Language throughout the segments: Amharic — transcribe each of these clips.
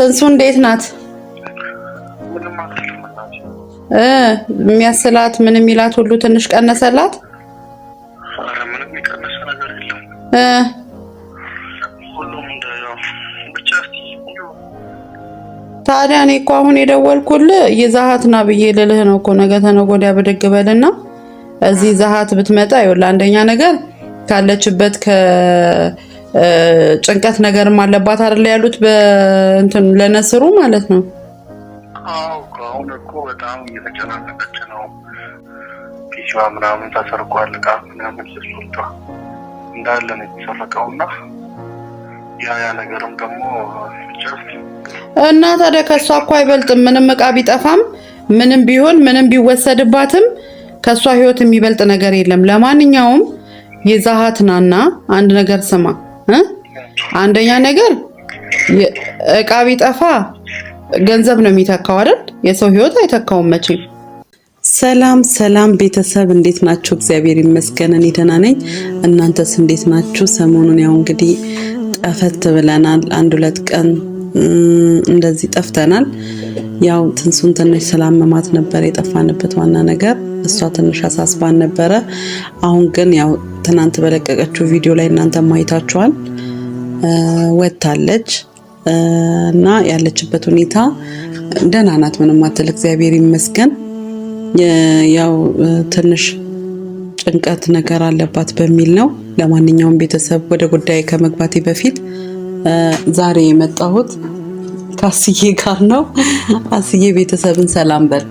ትንሱ እንዴት ናት? የሚያስላት ምን የሚላት ሁሉ ትንሽ ቀነሰላት? ኧረ ምንም ነገር የለም ታዲያ እኔ እኮ አሁን የደወልኩልህ ይዛሃት ና ብዬ ልልህ ነው እኮ ነገ ተነገ ወዲያ ብድግ በልና እዚህ ይዛሃት ብትመጣ ይኸውልህ አንደኛ ነገር ካለችበት ከ ጭንቀት ነገርም አለባት አይደለ? ያሉት በእንትን ለነስሩ ማለት ነው። አሁን እኮ በጣም እየተጨናነቀች ነው። ፒሲዋ ምናምን ተሰርቋል፣ ዕቃ ምናምን ስሱልቷ እንዳለ ነው የተሰረቀውና ያ ያ ነገርም ደግሞ እና ታዲያ ከእሷ እኮ አይበልጥም። ምንም እቃ ቢጠፋም ምንም ቢሆን ምንም ቢወሰድባትም ከእሷ ህይወት የሚበልጥ ነገር የለም። ለማንኛውም የዛሃትናና አንድ ነገር ስማ አንደኛ ነገር እቃ ቢጠፋ ገንዘብ ነው የሚተካው አይደል? የሰው ህይወት አይተካውም መቼም። ሰላም ሰላም ቤተሰብ እንዴት ናችሁ? እግዚአብሔር ይመስገን እኔ ደህና ነኝ። እናንተስ እንዴት ናችሁ? ሰሞኑን ያው እንግዲህ ጠፈት ብለናል። አንድ ሁለት ቀን እንደዚህ ጠፍተናል። ያው ትንሱን ትንሽ ስላመማት ነበር የጠፋንበት ዋና ነገር እሷ ትንሽ አሳስባን ነበረ። አሁን ግን ያው ትናንት በለቀቀችው ቪዲዮ ላይ እናንተ ማየታችኋል። ወጥታለች እና ያለችበት ሁኔታ ደህና ናት፣ ምንም አትል፣ እግዚአብሔር ይመስገን። ያው ትንሽ ጭንቀት ነገር አለባት በሚል ነው። ለማንኛውም ቤተሰብ ወደ ጉዳይ ከመግባቴ በፊት ዛሬ የመጣሁት ከአስዬ ጋር ነው። አስዬ ቤተሰብን ሰላም በል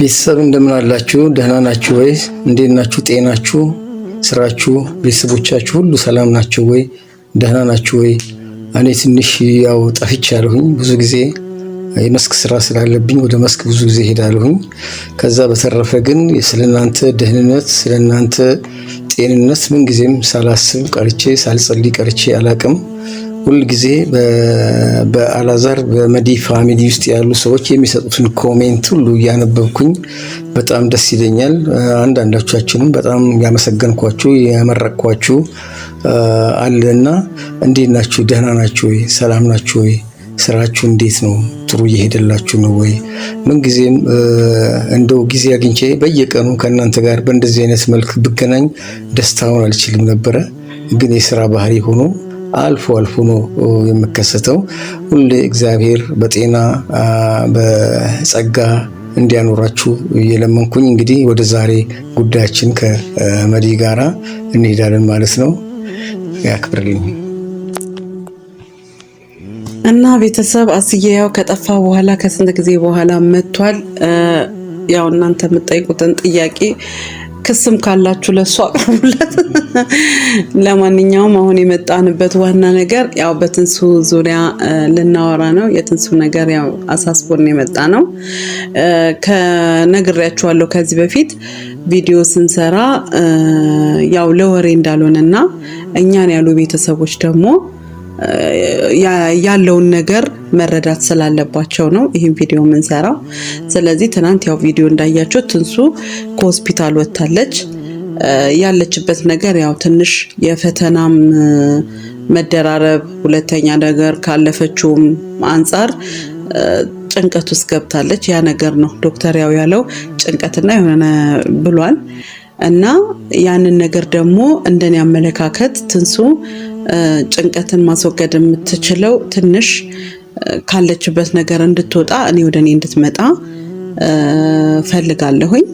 ቤተሰብ እንደምን አላችሁ? ደህና ናችሁ ወይ? እንዴት ናችሁ? ጤናችሁ፣ ስራችሁ፣ ቤተሰቦቻችሁ ሁሉ ሰላም ናቸው ወይ? ደህና ናችሁ ወይ? እኔ ትንሽ ያው ጠፍቻለሁኝ። ብዙ ጊዜ የመስክ ስራ ስላለብኝ ወደ መስክ ብዙ ጊዜ ሄዳለሁኝ። ከዛ በተረፈ ግን ስለእናንተ ደህንነት ስለእናንተ ጤንነት ምንጊዜም ሳላስብ ቀርቼ ሳልጸልይ ቀርቼ አላቅም። ሁልጊዜ በአላዛር በመዲ ፋሚሊ ውስጥ ያሉ ሰዎች የሚሰጡትን ኮሜንት ሁሉ እያነበብኩኝ በጣም ደስ ይለኛል። አንዳንዶቻችሁንም በጣም ያመሰገንኳችሁ አለ አለና እንዴት ናችሁ? ደህና ናችሁ ወይ? ሰላም ናችሁ ወይ? ስራችሁ እንዴት ነው? ጥሩ እየሄደላችሁ ነው ወይ? ምንጊዜም እንደው ጊዜ አግኝቼ በየቀኑ ከእናንተ ጋር በእንደዚህ አይነት መልክ ብገናኝ ደስታውን አልችልም ነበረ፣ ግን የስራ ባህሪ ሆኖ አልፎ አልፎ ነው የምከሰተው። ሁሌ እግዚአብሔር በጤና በጸጋ እንዲያኖራችሁ እየለመንኩኝ እንግዲህ ወደ ዛሬ ጉዳያችን ከመዲ ጋራ እንሄዳለን ማለት ነው። ያክብርልኝ እና ቤተሰብ አስዬ ያው ከጠፋ በኋላ ከስንት ጊዜ በኋላ መጥቷል። ያው እናንተ የምጠይቁትን ጥያቄ ክስም ካላችሁ ለእሱ አቅርቡለት። ለማንኛውም አሁን የመጣንበት ዋና ነገር ያው በትንሱ ዙሪያ ልናወራ ነው። የትንሱ ነገር ያው አሳስቦን የመጣ ነው። ከነግሬያችኋለሁ ከዚህ በፊት ቪዲዮ ስንሰራ ያው ለወሬ እንዳልሆነና እኛን ያሉ ቤተሰቦች ደግሞ ያለውን ነገር መረዳት ስላለባቸው ነው ይህን ቪዲዮ የምንሰራው። ስለዚህ ትናንት ያው ቪዲዮ እንዳያቸው ትንሱ ከሆስፒታል ወጥታለች። ያለችበት ነገር ያው ትንሽ የፈተናም መደራረብ፣ ሁለተኛ ነገር ካለፈችውም አንጻር ጭንቀት ውስጥ ገብታለች። ያ ነገር ነው ዶክተር ያው ያለው ጭንቀትና የሆነ ብሏል እና ያንን ነገር ደግሞ እንደኔ አመለካከት ትንሱ ጭንቀትን ማስወገድ የምትችለው ትንሽ ካለችበት ነገር እንድትወጣ እኔ ወደ እኔ እንድትመጣ ፈልጋለሁኝ።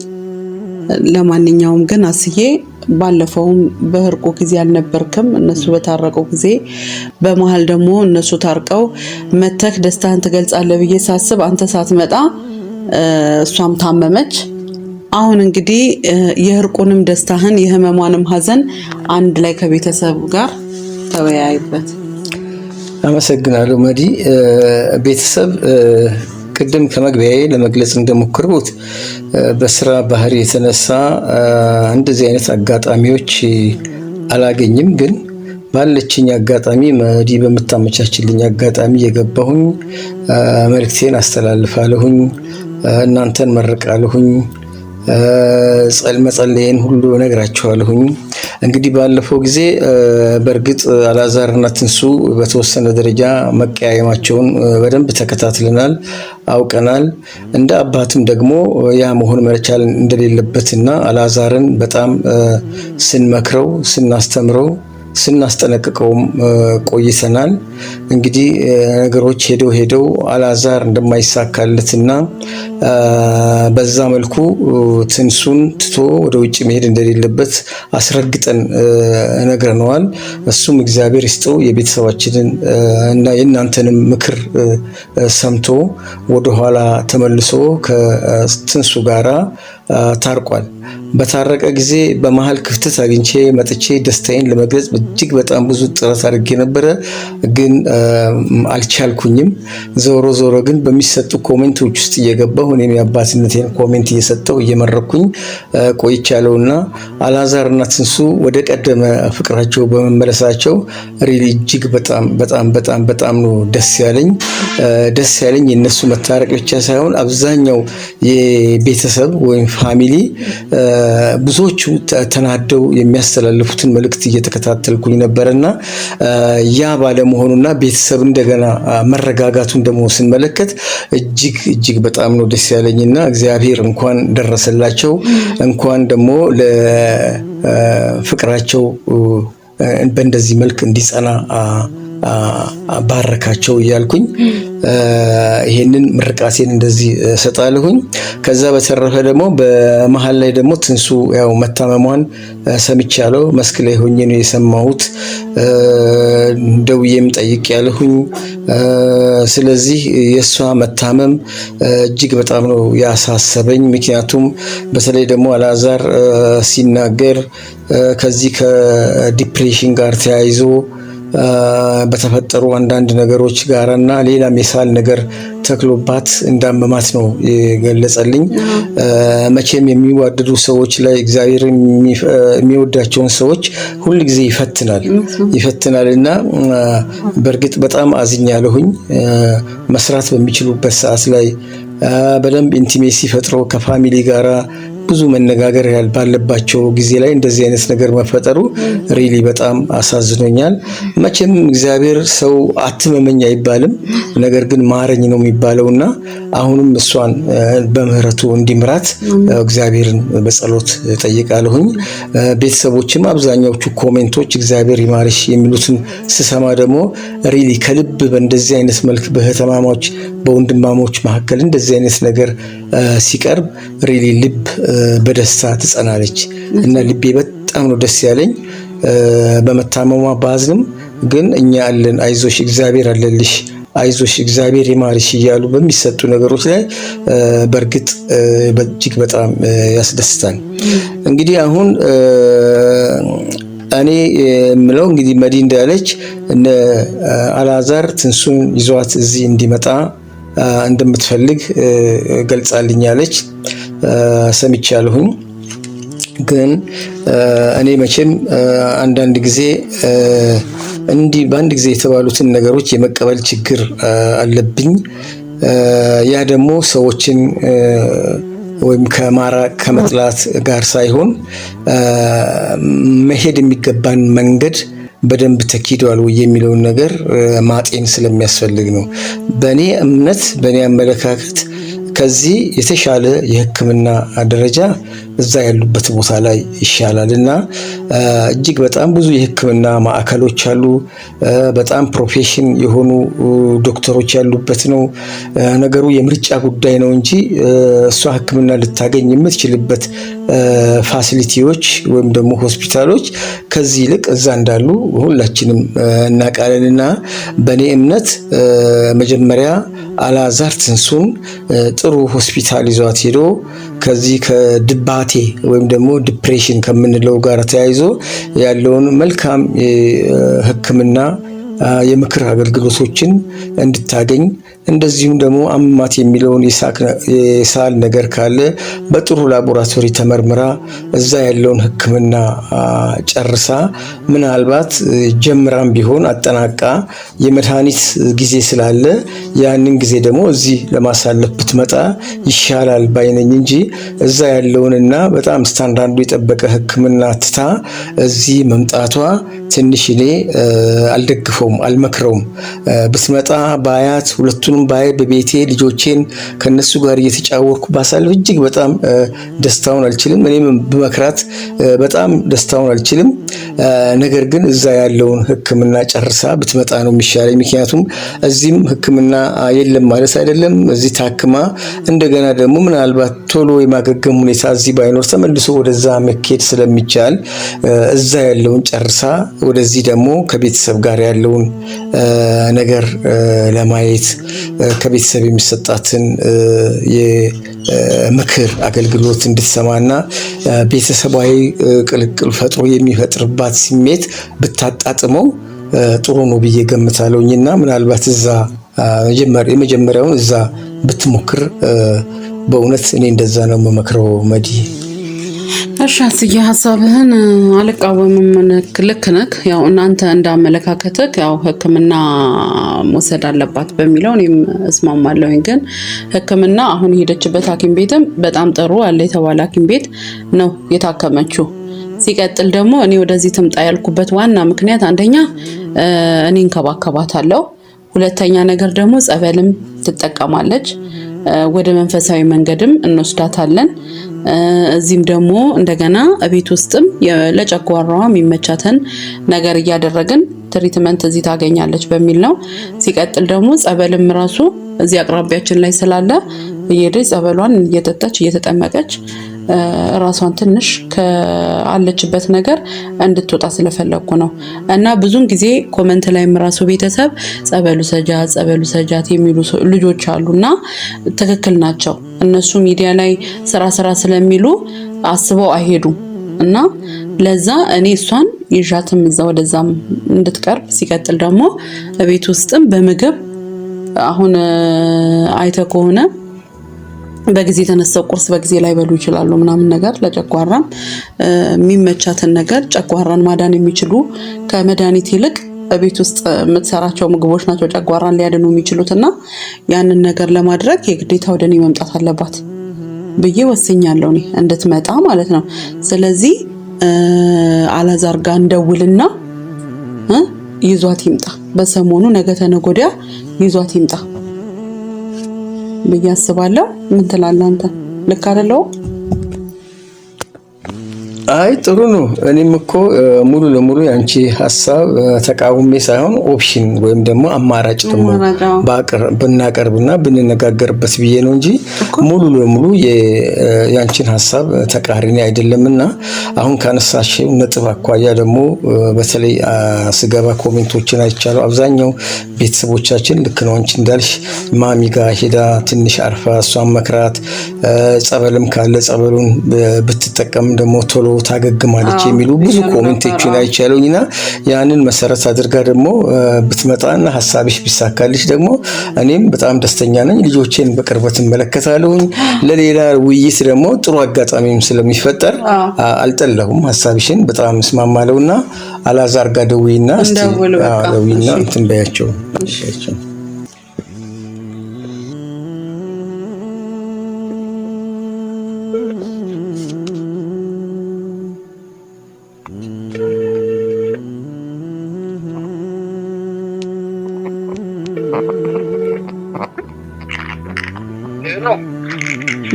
ለማንኛውም ግን አስዬ ባለፈውም በህርቆ ጊዜ አልነበርክም። እነሱ በታረቁ ጊዜ በመሀል ደግሞ እነሱ ታርቀው መተክ ደስታህን ትገልጻለህ ብዬ ሳስብ አንተ ሳትመጣ እሷም ታመመች። አሁን እንግዲህ የእርቁንም ደስታህን የህመሟንም ሀዘን አንድ ላይ ከቤተሰብ ጋር ተወያዩበት። አመሰግናለሁ መዲ። ቤተሰብ ቅድም ከመግቢያዬ ለመግለጽ እንደሞከርኩት በስራ ባህሪ የተነሳ እንደዚህ አይነት አጋጣሚዎች አላገኝም። ግን ባለችኝ አጋጣሚ መዲ በምታመቻችልኝ አጋጣሚ የገባሁኝ መልክቴን አስተላልፋለሁኝ፣ እናንተን መርቃለሁኝ፣ መጸለየን ሁሉ ነግራችኋለሁኝ። እንግዲህ ባለፈው ጊዜ በእርግጥ አላዛርና ትንሱ በተወሰነ ደረጃ መቀያየማቸውን በደንብ ተከታትለናል፣ አውቀናል። እንደ አባትም ደግሞ ያ መሆን መቻል እንደሌለበትና አላዛርን በጣም ስንመክረው ስናስተምረው ስናስጠነቅቀውም ቆይተናል። እንግዲህ ነገሮች ሄደው ሄደው አላዛር እንደማይሳካለትና በዛ መልኩ ትንሱን ትቶ ወደ ውጭ መሄድ እንደሌለበት አስረግጠን ነግረነዋል። እሱም እግዚአብሔር ይስጠው የቤተሰባችንን እና የእናንተንም ምክር ሰምቶ ወደኋላ ተመልሶ ከትንሱ ጋራ ታርቋል። በታረቀ ጊዜ በመሀል ክፍተት አግኝቼ መጥቼ ደስታዬን ለመግለጽ እጅግ በጣም ብዙ ጥረት አድርጌ ነበረ፣ ግን አልቻልኩኝም። ዞሮ ዞሮ ግን በሚሰጡ ኮሜንቶች ውስጥ እየገባሁ እኔም የአባትነቴን ኮሜንት እየሰጠው እየመረኩኝ ቆይቻለሁ እና አላዛር እና ትንሱ ወደ ቀደመ ፍቅራቸው በመመለሳቸው ሪሊ እጅግ በጣም በጣም በጣም በጣም ነው ደስ ያለኝ። ደስ ያለኝ የእነሱ መታረቅ ብቻ ሳይሆን አብዛኛው የቤተሰብ ወይም ፋሚሊ ብዙዎቹ ተናደው የሚያስተላልፉትን መልእክት እየተከታተልኩኝ ነበር እና ያ ባለመሆኑና ቤተሰብ እንደገና መረጋጋቱን ደግሞ ስንመለከት እጅግ እጅግ በጣም ነው ደስ ያለኝ እግዚአብሔር እንኳን ደረሰላቸው እንኳን ደግሞ ለፍቅራቸው በእንደዚህ መልክ እንዲጸና ባረካቸው እያልኩኝ ይሄንን ምርቃሴን እንደዚህ ሰጣልሁኝ ከዛ በተረፈ ደግሞ በመሀል ላይ ደግሞ ትንሱ ያው መታመሟን ሰምቻለሁ። መስክ ላይ ሆኜ ነው የሰማሁት፣ ደውዬም ጠይቅ ያልሁኝ። ስለዚህ የእሷ መታመም እጅግ በጣም ነው ያሳሰበኝ። ምክንያቱም በተለይ ደግሞ አላዛር ሲናገር ከዚህ ከዲፕሬሽን ጋር ተያይዞ በተፈጠሩ አንዳንድ ነገሮች ጋር እና ሌላም የሳል ነገር ተክሎባት እንዳመማት ነው የገለጸልኝ። መቼም የሚዋደዱ ሰዎች ላይ እግዚአብሔር የሚወዳቸውን ሰዎች ሁል ጊዜ ይፈትናል ይፈትናል እና በእርግጥ በጣም አዝኛለሁኝ። መስራት በሚችሉበት ሰዓት ላይ በደንብ ኢንቲሜሲ ፈጥሮ ከፋሚሊ ጋራ ብዙ መነጋገር ባለባቸው ጊዜ ላይ እንደዚህ አይነት ነገር መፈጠሩ ሪሊ በጣም አሳዝኖኛል። መቼም እግዚአብሔር ሰው አትመመኝ አይባልም፣ ነገር ግን ማረኝ ነው የሚባለው እና አሁንም እሷን በምህረቱ እንዲምራት እግዚአብሔርን በጸሎት ጠይቃለሁኝ። ቤተሰቦችም አብዛኛዎቹ ኮሜንቶች እግዚአብሔር ይማርሽ የሚሉትን ስሰማ ደግሞ ሪሊ ከልብ በእንደዚህ አይነት መልክ በህተማማዎች በወንድማሞች መካከል እንደዚህ አይነት ነገር ሲቀርብ ሪሊ ልብ በደስታ ትጸናለች እና ልቤ በጣም ነው ደስ ያለኝ። በመታመሟ ባዝንም ግን እኛ አለን፣ አይዞሽ እግዚአብሔር አለልሽ፣ አይዞሽ እግዚአብሔር ይማርሽ እያሉ በሚሰጡ ነገሮች ላይ በእርግጥ በእጅግ በጣም ያስደስታል። እንግዲህ አሁን እኔ የምለው እንግዲህ መዲ እንዳለች እነ አላዛር ትንሱን ይዟት እዚህ እንዲመጣ እንደምትፈልግ ገልጻልኛለች። ሰምቻለሁኝ። ግን እኔ መቼም አንዳንድ ጊዜ እንዲህ በአንድ ጊዜ የተባሉትን ነገሮች የመቀበል ችግር አለብኝ። ያ ደግሞ ሰዎችን ወይም ከማራቅ ከመጥላት ጋር ሳይሆን መሄድ የሚገባን መንገድ በደንብ ተኪዷል ወይ የሚለውን ነገር ማጤን ስለሚያስፈልግ ነው። በእኔ እምነት በእኔ አመለካከት ከዚህ የተሻለ የሕክምና ደረጃ እዛ ያሉበት ቦታ ላይ ይሻላል እና እጅግ በጣም ብዙ የሕክምና ማዕከሎች አሉ። በጣም ፕሮፌሽን የሆኑ ዶክተሮች ያሉበት ነው። ነገሩ የምርጫ ጉዳይ ነው እንጂ እሷ ሕክምና ልታገኝ የምትችልበት ፋሲሊቲዎች ወይም ደግሞ ሆስፒታሎች ከዚህ ይልቅ እዛ እንዳሉ ሁላችንም እናውቃለን እና በእኔ እምነት መጀመሪያ አላዛር ትንሱን ጥሩ ሆስፒታል ይዟት ሄዶ ከዚህ ከድባ ሆዳቴ ወይም ደግሞ ዲፕሬሽን ከምንለው ጋር ተያይዞ ያለውን መልካም ሕክምና የምክር አገልግሎቶችን እንድታገኝ እንደዚሁም ደግሞ አማት የሚለውን የሳል ነገር ካለ በጥሩ ላቦራቶሪ ተመርምራ እዛ ያለውን ሕክምና ጨርሳ ምናልባት ጀምራም ቢሆን አጠናቃ የመድኃኒት ጊዜ ስላለ ያንን ጊዜ ደግሞ እዚህ ለማሳለፍ ብትመጣ ይሻላል ባይነኝ እንጂ እዛ ያለውንና በጣም ስታንዳርዱ የጠበቀ ሕክምና ትታ እዚህ መምጣቷ ትንሽ እኔ አልደግፈውም፣ አልመክረውም። ብትመጣ ባያት ሁለቱንም ባይ በቤቴ ልጆቼን ከነሱ ጋር እየተጫወርኩ ባሳልፍ እጅግ በጣም ደስታውን አልችልም። እኔም ብመክራት በጣም ደስታውን አልችልም። ነገር ግን እዛ ያለውን ሕክምና ጨርሳ ብትመጣ ነው የሚሻለኝ። ምክንያቱም እዚህም ሕክምና የለም ማለት አይደለም። እዚህ ታክማ እንደገና ደግሞ ምናልባት ቶሎ የማገገም ሁኔታ እዚህ ባይኖር ተመልሶ ወደዛ መኬድ ስለሚቻል እዛ ያለውን ጨርሳ ወደዚህ ደግሞ ከቤተሰብ ጋር ያለውን ነገር ለማየት ከቤተሰብ የሚሰጣትን የምክር አገልግሎት እንድትሰማና ቤተሰባዊ ቅልቅል ፈጥሮ የሚፈጥርባት ስሜት ብታጣጥመው ጥሩ ነው ብዬ ገምታለሁኝ እና ምናልባት እዛ የመጀመሪያውን እዛ ብትሞክር በእውነት እኔ እንደዛ ነው የምመክረው መዲ እሺ አስዬ ሀሳብህን አልቃወምም። ልክ ነህ። ያው እናንተ እንዳመለካከትህ ያው ሕክምና መውሰድ አለባት በሚለው እኔም እስማማለሁኝ። ግን ሕክምና አሁን የሄደችበት ሐኪም ቤትም በጣም ጥሩ አለ የተባለ ሐኪም ቤት ነው የታከመችው። ሲቀጥል ደግሞ እኔ ወደዚህ ትምጣ ያልኩበት ዋና ምክንያት አንደኛ እኔ እንከባከባታለሁ፣ ሁለተኛ ነገር ደግሞ ጸበልም ትጠቀማለች ወደ መንፈሳዊ መንገድም እንወስዳታለን። እዚህም ደግሞ እንደገና ቤት ውስጥም ለጨጓራዋ የሚመቻተን ነገር እያደረግን ትሪትመንት እዚህ ታገኛለች በሚል ነው። ሲቀጥል ደግሞ ጸበልም ራሱ እዚህ አቅራቢያችን ላይ ስላለ እየሄደች ጸበሏን እየጠጣች እየተጠመቀች ራሷን ትንሽ ከአለችበት ነገር እንድትወጣ ስለፈለግኩ ነው። እና ብዙን ጊዜ ኮመንት ላይም ራሱ ቤተሰብ ጸበሉ ሰጃት ጸበሉ ሰጃት የሚሉ ልጆች እና ትክክል ናቸው። እነሱ ሚዲያ ላይ ስራ ስራ ስለሚሉ አስበው አይሄዱም እና ለዛ እኔ እሷን ይዣትም እዛ ወደዛም እንድትቀርብ ሲቀጥል ደግሞ ቤት ውስጥም በምግብ አሁን አይተ ከሆነ በጊዜ የተነሳው ቁርስ በጊዜ ላይ በሉ ይችላሉ ምናምን ነገር ለጨጓራም የሚመቻትን ነገር ጨጓራን ማዳን የሚችሉ ከመድኃኒት ይልቅ ቤት ውስጥ የምትሰራቸው ምግቦች ናቸው ጨጓራን ሊያድኑ የሚችሉት እና ያንን ነገር ለማድረግ የግዴታ ወደ እኔ መምጣት አለባት ብዬ ወስኛለሁ። እኔ እንድትመጣ ማለት ነው። ስለዚህ አላዛር ጋር እንደውልና ይዟት ይምጣ። በሰሞኑ ነገ ተነገ ወዲያ ይዟት ይምጣ። ብዬ አስባለሁ። ምን ትላለህ አንተ? ልክ አይደለሁም? አይ ጥሩ ነው። እኔም እኮ ሙሉ ለሙሉ የአንቺ ሀሳብ ተቃውሜ ሳይሆን ኦፕሽን ወይም ደግሞ አማራጭ ደግሞ ብናቀርብና ብንነጋገርበት ብዬ ነው እንጂ ሙሉ ለሙሉ የአንቺን ሀሳብ ተቃሪኒ አይደለም እና አሁን ካነሳሽው ነጥብ አኳያ ደግሞ በተለይ ስገባ ኮሜንቶችን አይቻለሁ። አብዛኛው ቤተሰቦቻችን ልክ ነው አንቺ እንዳልሽ ማሚጋ ሄዳ ትንሽ አርፋ እሷን መክራት ጸበልም ካለ ጸበሉን ብትጠቀም ደግሞ ቶሎ ታገግማለች የሚሉ ብዙ ኮሜንቶችን አይቻለኝ እና ያንን መሰረት አድርጋ ደግሞ ብትመጣና ሀሳብሽ ቢሳካልሽ ደግሞ እኔም በጣም ደስተኛ ነኝ። ልጆቼን በቅርበት እመለከታለሁኝ። ለሌላ ውይይት ደግሞ ጥሩ አጋጣሚም ስለሚፈጠር አልጠለሁም። ሀሳብሽን በጣም እስማማለሁና አላዛር ጋር ደውይና ደውይና እንትን በያቸው።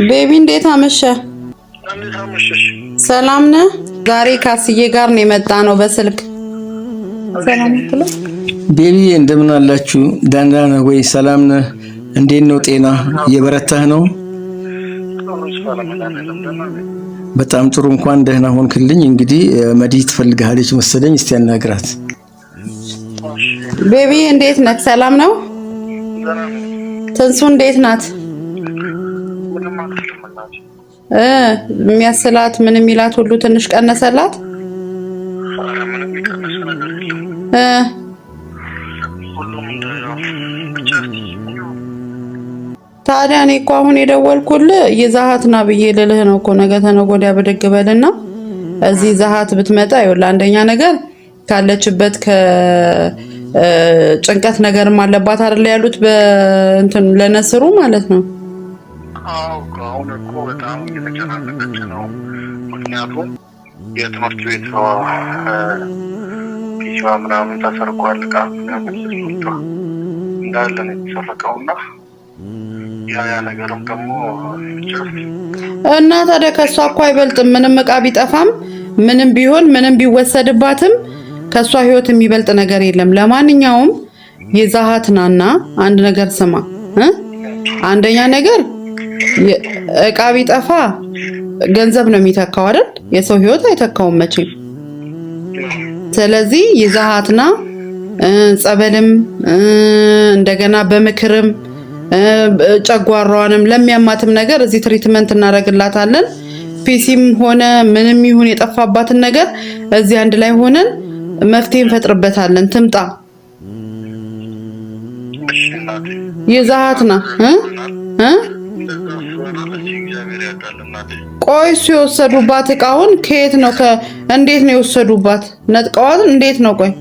ቤቢ እንዴት አመሸ? ሰላም ነ? ዛሬ ካስዬ ጋር ነው የመጣ ነው በስልክ ሰላም ቤቢ እንደምን አላችሁ? ደህና ነህ ወይ? ሰላም ነህ? እንዴት ነው ጤና? እየበረታህ ነው? በጣም ጥሩ እንኳን ደህና ሆንክልኝ። እንግዲህ መዲ ትፈልግሃለች መሰለኝ። እስቲ ያናግራት። ቤቢ እንዴት ነህ? ሰላም ነው ትንሱ እንዴት ናት? የሚያስላት ምን የሚላት ሁሉ ትንሽ ቀነሰላት? ታዲያ እኔ እኮ አሁን የደወልኩልህ የዛሃት ና ብዬ ልልህ ነው እኮ ነገ ተነገ ወዲያ ብድግ በልና እዚህ ዛሃት ብትመጣ ይኸውልህ፣ አንደኛ ነገር ካለችበት ከ ጭንቀት ነገርም አለባት አይደል ያሉት በእንትን ለነስሩ ማለት ነው። አዎ አሁን እኮ በጣም እየተጨናነቀች ነው። ምክንያቱም የትምህርት ቤት ምናምን ተሰርቋል፣ እንዳለ ነው የተሰረቀውና እና ታዲያ ከእሷ እኮ አይበልጥም ምንም እቃ ቢጠፋም ምንም ቢሆን ምንም ቢወሰድባትም ከእሷ ህይወት የሚበልጥ ነገር የለም። ለማንኛውም የዛሃት ናና አንድ ነገር ስማ። አንደኛ ነገር እቃ ቢጠፋ ገንዘብ ነው የሚተካው አይደል? የሰው ህይወት አይተካውም መቼም። ስለዚህ የዛሃትና ጸበልም እንደገና በምክርም ጨጓሯንም ለሚያማትም ነገር እዚህ ትሪትመንት እናደርግላታለን። ፒሲም ሆነ ምንም ይሁን የጠፋባትን ነገር እዚህ አንድ ላይ ሆነን መፍትሄ እንፈጥርበታለን። ትምጣ ይዛሃት ና ቆይ እሱ የወሰዱባት እቃውን ከየት ነው? እንዴት ነው የወሰዱባት? ነጥቀዋት? እንዴት ነው? ቆይ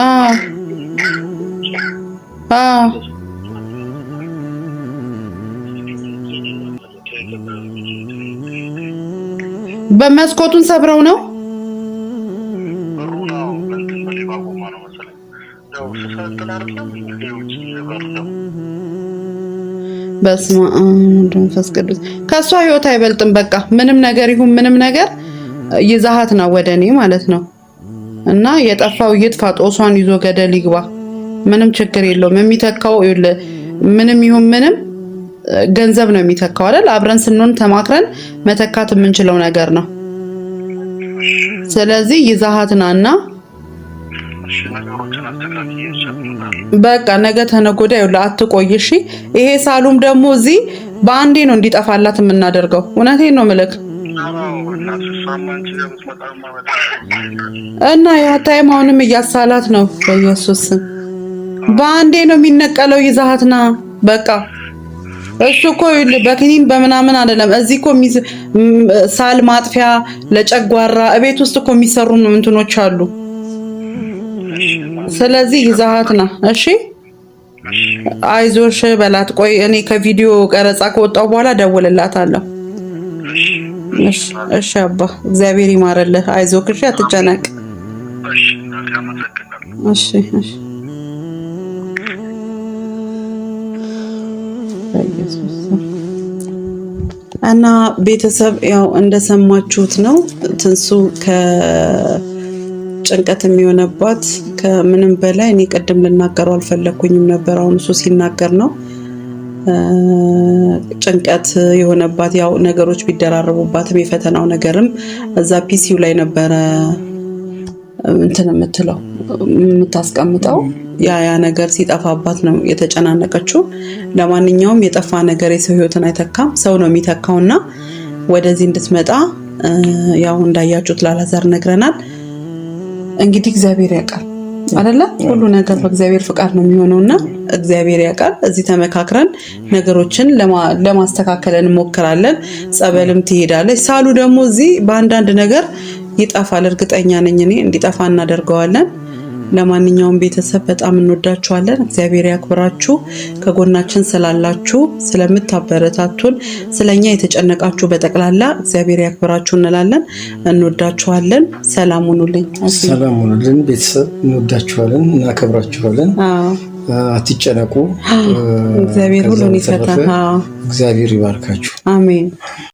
አዎ Ah. በመስኮቱን ሰብረው ነው በስመ አብ መንፈስ ቅዱስ ከእሷ ህይወት አይበልጥም። በቃ ምንም ነገር ይሁን ምንም ነገር ይዛሃት ነው ወደ እኔ ማለት ነው። እና የጠፋው ይጥፋ ጦሷን ይዞ ገደል ይግባ። ምንም ችግር የለውም። የሚተካው ምንም ይሁን ምንም ገንዘብ ነው የሚተካው አይደል? አብረን ስንሆን ተማክረን መተካት የምንችለው ነገር ነው። ስለዚህ ይዛሃትና እና በቃ ነገ ተነጎዳ ይኸውልህ፣ አትቆይ እሺ። ይሄ ሳሉም ደግሞ እዚህ በአንዴ ነው እንዲጠፋላት የምናደርገው። እውነቴን ነው ምልክ እና የታይም አሁንም እያሳላት ነው በኢየሱስ በአንዴ ነው የሚነቀለው። ይዛሃትና በቃ እሱ እኮ በክኒን በምናምን አይደለም። እዚህ እኮ ሳል ማጥፊያ ለጨጓራ እቤት ውስጥ እኮ የሚሰሩ እንትኖች አሉ። ስለዚህ ይዛሃትና እሺ፣ አይዞሽ በላት። ቆይ እኔ ከቪዲዮ ቀረጻ ከወጣው በኋላ ደውልላታለሁ። እሺ አባ፣ እግዚአብሔር ይማረልህ። አይዞህ፣ እሺ፣ አትጨነቅ። እሺ፣ እሺ እና ቤተሰብ ያው እንደሰማችሁት ነው። ትንሱ ከጭንቀት የሚሆነባት ከምንም በላይ እኔ ቅድም ልናገረው አልፈለኩኝም ነበር። አሁን እሱ ሲናገር ነው ጭንቀት የሆነባት ያው ነገሮች ቢደራረቡባትም የፈተናው ነገርም እዛ ፒሲዩ ላይ ነበረ እንትን የምትለው የምታስቀምጠው ያ ያ ነገር ሲጠፋባት ነው የተጨናነቀችው። ለማንኛውም የጠፋ ነገር የሰው ህይወትን አይተካም፣ ሰው ነው የሚተካው እና ወደዚህ እንድትመጣ ያው እንዳያችሁት ላላዛር ነግረናል። እንግዲህ እግዚአብሔር ያውቃል አደለ? ሁሉ ነገር በእግዚአብሔር ፍቃድ ነው እና እግዚአብሔር ያውቃል። እዚህ ተመካክረን ነገሮችን ለማስተካከል እንሞክራለን። ጸበልም ትሄዳለች። ሳሉ ደግሞ እዚህ በአንዳንድ ነገር ይጠፋል። እርግጠኛ ነኝ እኔ እንዲጠፋ እናደርገዋለን። ለማንኛውም ቤተሰብ በጣም እንወዳችኋለን። እግዚአብሔር ያክብራችሁ። ከጎናችን ስላላችሁ፣ ስለምታበረታቱን፣ ስለኛ የተጨነቃችሁ በጠቅላላ እግዚአብሔር ያክብራችሁ እንላለን። እንወዳችኋለን። ሰላም ሁኑልኝ። ሰላም ሁኑልን ቤተሰብ። እንወዳችኋለን፣ እናከብራችኋለን። አትጨነቁ። እግዚአብሔር ሁሉን ይፈታል። እግዚአብሔር ይባርካችሁ። አሜን።